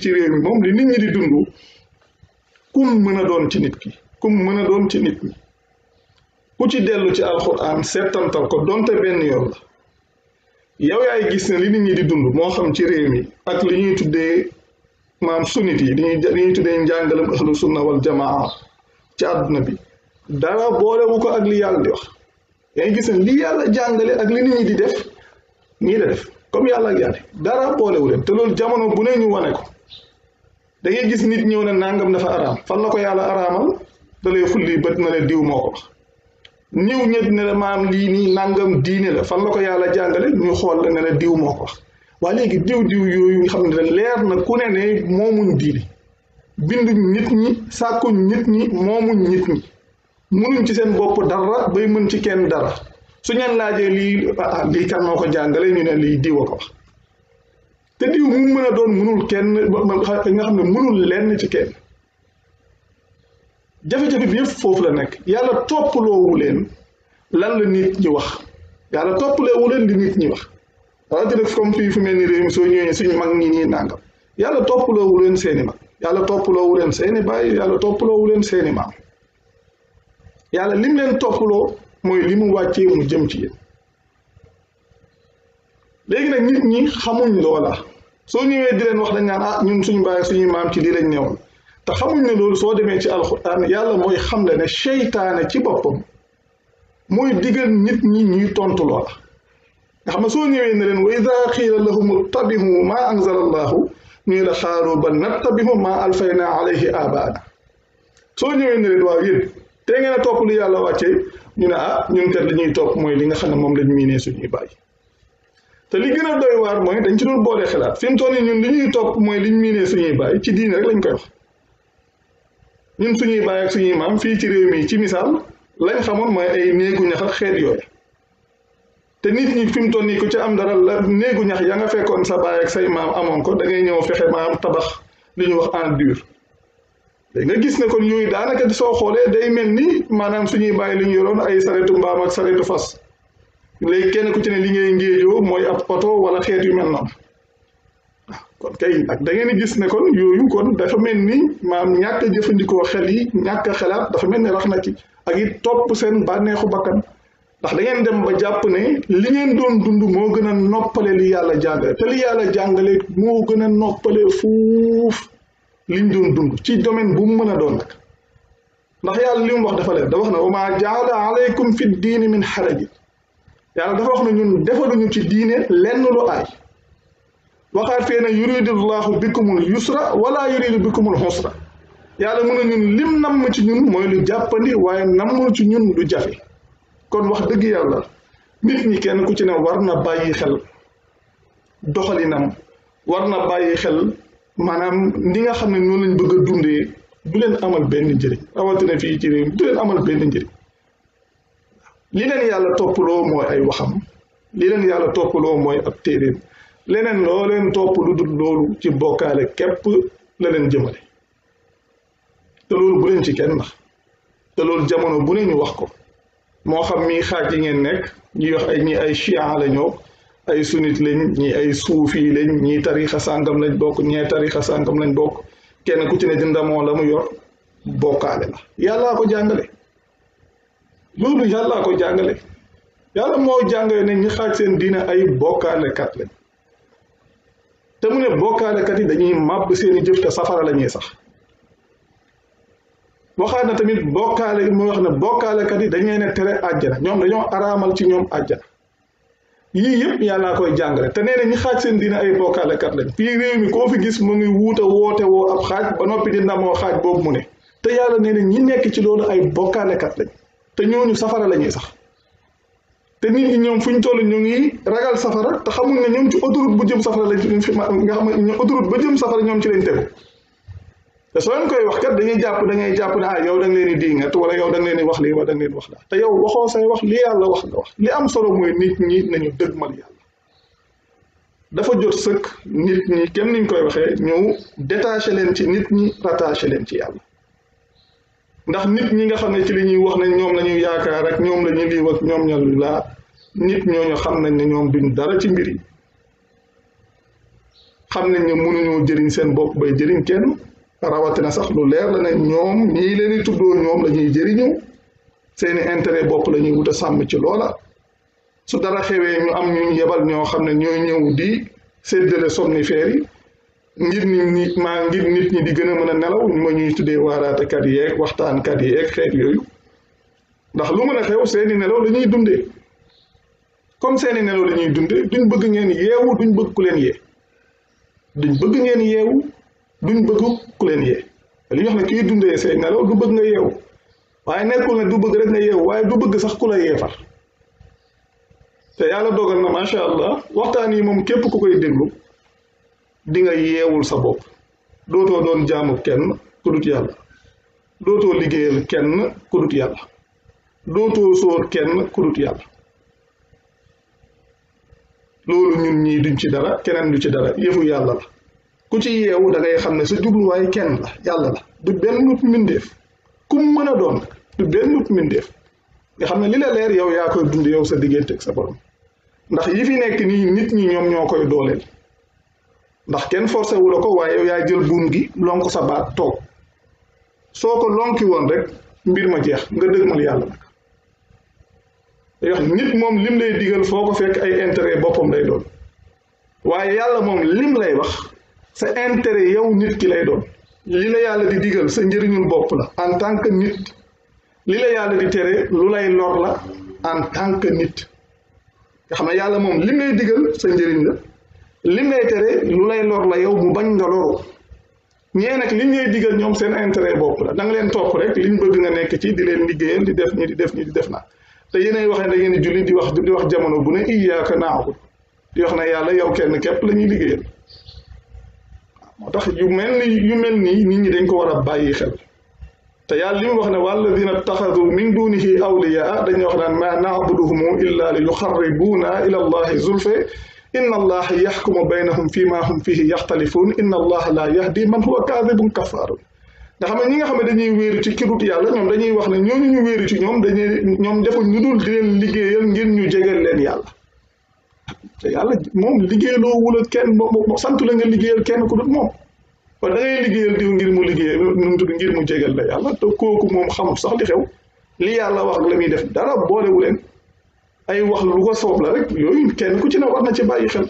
ci réew mi moom li nit ñi di dund kum mën a doon ci nit ki kum mën a ci nit ñi ku ci dellu ci alxuraan settantal ko donte benn yoon la yow yaay gis ne li nit ñi di dund moo xam ci réew mi ak li ñuy tuddee maam sunnit yi li ñuy li ñuy tuddee njàngalam ahlu sunna wal jamaa ci àdduna bi dara boolewu ko ak li yàlla di wax yaa ngi gis ne li yàlla jàngale ak li nit ñi di def nii la def comme yàlla ak yàlla dara boolewu leen te loolu jamono bu ne ñu wane ko dangay gis nit ñëw ne nàngam dafa araam fan la ko yàlla araamal da lay xulli bët na la diw moo ko wax ñëw ñet ne la maam lii nii nangam diine la fan la ko yàlla jàngale ñu xool la ne la diw moo ko wax waa léegi diw diw yooyu nga xam ne da leer nag ku ne ne moomuñ diine binduñ nit ñi sàkkuñ nit ñi moomuñ nit ñi munuñ ci seen bopp dara bay mën ci kenn dara su ñeen laajee lii ah lii kan moo ko jàngale ñu ne lii diw a ko wax te diw mu mën a doon mënul kenn nga xam ne mënul lenn ci kenn jafe-jafe bi yëpp foofu la nekk yàlla topploowu leen lan la nit ñi wax yàlla topploowu leen di nit ñi wax rawatina comme fii fu mel ni réew mi suñu mag ñi nii nàngam yàlla topploowu leen seeni mag yàlla topploowu leen seeni baay yàlla topploowu leen seeni maam yàlla lim leen topploo mooy li mu wàccee mu jëm ci yéen léegi nag nit ñi xamuñ loola so ñewé di len wax dañ nan ah ñun suñu baay suñu maam ci di lañ ñëwoon te xamuñ ne loolu soo demee ci alxuraan yàlla mooy xam le ne seytaane ci boppam mooy digal nit ñi ñuy tontu loola nga xam ne soo ne leen wa ida qiila lahum ittabi'u ma anzala allahu ñuy la xaaru ba nattabi'u ma alfayna alayhi abaana soo ñëwee ne leen waaw yéen te ngeen a topp yàlla wàcce ñu ne ah ñun kat li ñuy topp mooy li nga xam ne moom lañ miinee suñuy bàyyi te li gën a doy waar mooy dañ ci dul boole xalaat fi mu toll ñun li ñuy topp mooy liñ miinee suñuy baay ci diine rek lañ koy wax ñun suñuy baay ak suñuy maam fii ci réew mi ci misaal lañ xamoon mooy ay néegu ñax ak xeet yooyu te nit ñi fi mu toll nii ku ci am dara la néegu ñax ya nga fekkoon sa baay ak say maam amoon ko da ngay ñëw fexe maam tabax li ñu wax en dur léegi nga gis ne kon yooyu daanaka soo xoolee day mel ni maanaam suñuy bàyyi li ñu yoroon ay saretu mbaam ak saretu fas léegi kenn ku ci ne li ngay ngéejoo mooy ab oto wala xeet yu mel noonu kon kay ak dangeen ngeen gis ne kon yooyu kon dafa mel ni maam ñàkk jëfandikoo xel yi ñàkk a xelaat dafa mel ne rax na ci ak it topp seen bànneexu bakkan ndax dangeen dem ba jàpp ne li ngeen doon dund moo gën a noppale li yàlla jàngale te li yàlla jàngale moo gën a noppale fuuf liñ doon dund ci domaine bu mën a doon nag ndax yàlla li mu wax dafa leen da wax na wa maa jaala aleykum fi diini min yàlla dafa wax ne ñun defaluñu ci diine lenn lu ay waxaat fee ne yuridullahu bikumul yusra wala yuridu bikumul xusra yàlla mu ne ñun lim namm ci ñun mooy lu jàppandi waaye nammul ci ñun lu jafe kon wax dëgg yàlla nit ñi kenn ku ci ne war na bàyyi xel doxali nam war na bàyyi xel maanaam ni nga xam ne noonu lañ bëgg a dundee du leen amal benn njëriñ rawatina fii ci réew du leen amal benn njëriñ li leen yàlla toppaloo mooy ay waxam li leen yàlla toppaloo mooy ab téeréem leneen loo leen topp lu dul loolu ci bokkaale képp la leen jëmale te loolu bu leen ci kenn nax te loolu jamono bu ne wax ko moo xam mii xaaj yi ngeen nekk ñuy yox ay ñi ay chia la ñoo ay sunit lañ ñi ay suufi lañ ñi tarixa sàngam lañ bokk ñee tarixa sàngam lañ bokk kenn ku ci ne di ndamoo la mu yor bokkaale la yàllaa ko jàngale loolu yàllaa koy jàngale yàlla moo jàngale ne ñi xaaj seen diina ay bokkaalekat lañ te mu ne bokkaalekat yi dañuy màbb seeni jëf te safara la ñuy sax waxaat na tamit bokkaale gi muy wax ne bokkaalekat yi dañ leen tere àjjana ñoom dañoo araamal ci ñoom àjjana yii yëpp yàllaa koy jàngale te nee na ñi xaaj seen diine ay bokkaalekat lañ fii réew mi koo fi gis mu ngi wuute woote woo ab xaaj ba noppi di ndamoo xaaj boobu mu ne te yàlla nee na ñi nekk ci loolu ay bokkaalekat lañ te ñooñu safara la ñuy sax te nit ñi ñoom fu ñu toll ñu ngi ragal safara te xamuñ ne ñoom ci autoroute bu jëm safara lañ fi nga xam ne autoroute ba jëm safara ñoom ci lañ tegu te soo leen koy wax kat dañuy jàpp da ngay jàpp ne ah yow da nga leen di diingat wala yow da nga leen wax li wala da nga wax daal te yow waxoo say wax li yàlla wax nga wax li am solo mooy nit ñi nañu dëgmal yàlla. dafa jot sëkk nit ñi kenn niñ koy waxee ñu détaché leen ci nit ñi rattaché leen ci yàlla ndax nit ñi nga xam ne ci li ñuy wax ne ñoom la ñuy yaakaar ak ñoom la ñuy lii ak ñoom ña laa nit ñooñu xam nañ ne ñoom duñ dara ci mbir yi xam nañ ne mënuñoo jëriñ seen bopp bay jëriñ kenn rawatina sax lu leer la ne ñoom la ñuy jëriñu seeni intérêt bopp la ñuy wut a sàmm ci loola su dara xewee ñu am ñu yebal ñoo xam ne ñoo ñëw di séddale somnifère yi ngir nit ñi maa ngir nit ñi di gën a mën a nelaw ma ñuy tuddee waaraatekat yeeg waxtaankat yeeg xeet yooyu ndax lu mën a xew seeni nelaw la dundee comme seeni nelaw lañuy ñuy dundee duñ bëgg ngeen yeewu duñ bëgg ku leen yee duñ bëgg ngeen yeewu duñ bëgg ku leen yee li wax ne kiy dundee say nelaw du bëgg nga yeewu waaye nekkul na du bëgg rek nga yeewu waaye du bëgg sax ku la yeefar te yàlla dogal na macha allah waxtaan yi moom képp ku koy déglu. di nga yeewul sa bopp dootoo don jaamu kenn ku dut yàlla dootoo liggéeyal kenn ku dut yàlla dootoo sóor kenn ku dut yàlla loolu ñun ñii duñ ci dara keneen du ci dara yëfu yàlla la ku ci yeewu da ngay xam ne sa jubluwaay kenn la yàlla la du benn mbindeef kum mën a doon du benn mbindeef nga xam ne li la leer yow yaa koy dund yow sa diggante sa borom ndax yi fi nekk nii nit ñi ñoom ñoo koy ndax kenn forcé wu ko waaye yow yaa jël buum gi lonk sa baat toog soo ko lonki woon rek mbir ma jeex nga dëgmal yàlla nag day wax nit moom lim lay digal foo ko fekk ay intérêt boppam lay doon waaye yàlla moom lim lay wax sa intérêt yow nit ki lay doon li la yàlla di digal sa njëriñul bopp la en tant que nit li la yàlla di tere lu lay lor la en tant que nit nga xam ne yàlla moom lim lay digal sa njëriñ la lim lay tere lu lay lor la yow mu bañ nga loru ñee nag liñ lay digal ñoom seen intérêt bopp la da nga leen topp rek liñ bëgg nga nekk ci di leen liggéeyal di def ñi di def ñi di def naa te yéenay waxee da ngeen di julli di wax di wax jamono bu ne iyaaka naabud di wax na yàlla yow kenn képp la ñuy liggéeyal moo tax yu mel ni yu mel nii nit ñi dañ ko war a bàyyi xel te yàlla li mu wax ne walladina taxadu min dunihi awliyaa dañuy wax naan ma naabuduhumu illa li yuxarribuuna ila allahi zulfe إن الله يحكم بينهم فيما هم فيه يختلفون إن الله لا يهدي من هو كاذب كفار da xam ñi nga xam dañuy wéeru ci kirut yàlla ñom dañuy wax ne ñoo ñu wéeru ci ñom dañuy ñom defu ñu dul di leen liggéeyal ngir ñu jegal leen yàlla te yàlla moom liggéeyaloo wula kenn moom santu la nga liggéeyal kenn ku dul mom ba da ngay liggéeyal diw ngir mu liggéey nu tudd ngir mu jegal la yàlla te koku mom xam sax li xew li yàlla wax la muy def dara boole wu leen ay wax lu ko soob la rek yooyu kenn ku ci ne war na ci bàyyi xel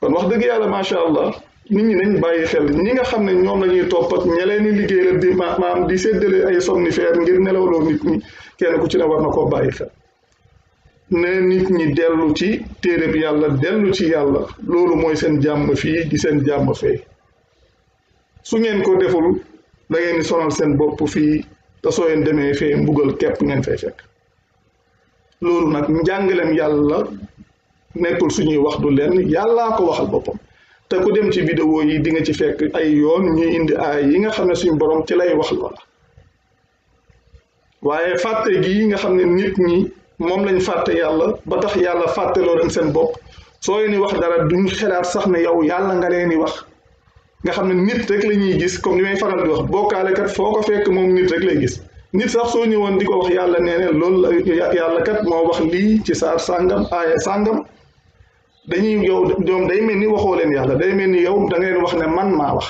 kon wax dëgg yàlla macha allah nit ñi nañ bàyyi xel ñi nga xam ne ñoom la ñuy toppat ña leen di liggéey la di maanaam di séddale ay somnifère ngir nelawloo nit ñi kenn ku ci ne war na koo bàyyi xel ne nit ñi dellu ci téere bi yàlla dellu ci yàlla loolu mooy seen jàmm fii di seen jàmm fee su ngeen ko deful da ngeen di sonal seen bopp fii te soo leen demee fee mbugal képp ngeen fay fekk loolu nag njàngaleem yàlla nekkul suñuy wax du lenn yàllaa ko waxal boppam te ku dem ci vidéo yi di nga ci fekk ay yoon ñuy indi ay yi nga xam ne suñu borom ci lay wax loola waaye fàtte gi nga xam ne nit ñi moom lañ fàtte yàlla ba tax yàlla fàtteloo leen seen bopp sooy ni wax dara duñ xelaat sax ne yow yàlla nga leen di wax nga xam ne nit rek la ñuy gis comme li may faral di wax bokkaalekat foo ko fekk moom nit rek lay gis nit sax soo ñëwoon di ko wax yàlla nee ne loolu yàlla kat moo wax lii ci saar sàngam aaya sàngam dañuy yow ñoom day mel ni waxoo leen yàlla day mel ni yow da nga wax ne man maa wax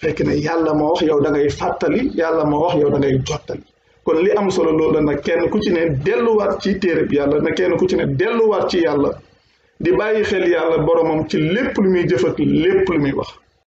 fekk ne yàlla moo wax yow da ngay fàttali yàlla moo wax yow da ngay jottali kon li am solo loolu la nag kenn ku ci ne delluwaat ci téereb yàlla na kenn ku ci ne delluwaat ci yàlla di bàyyi xel yàlla boromam ci lépp lu muy jëf lépp lu muy wax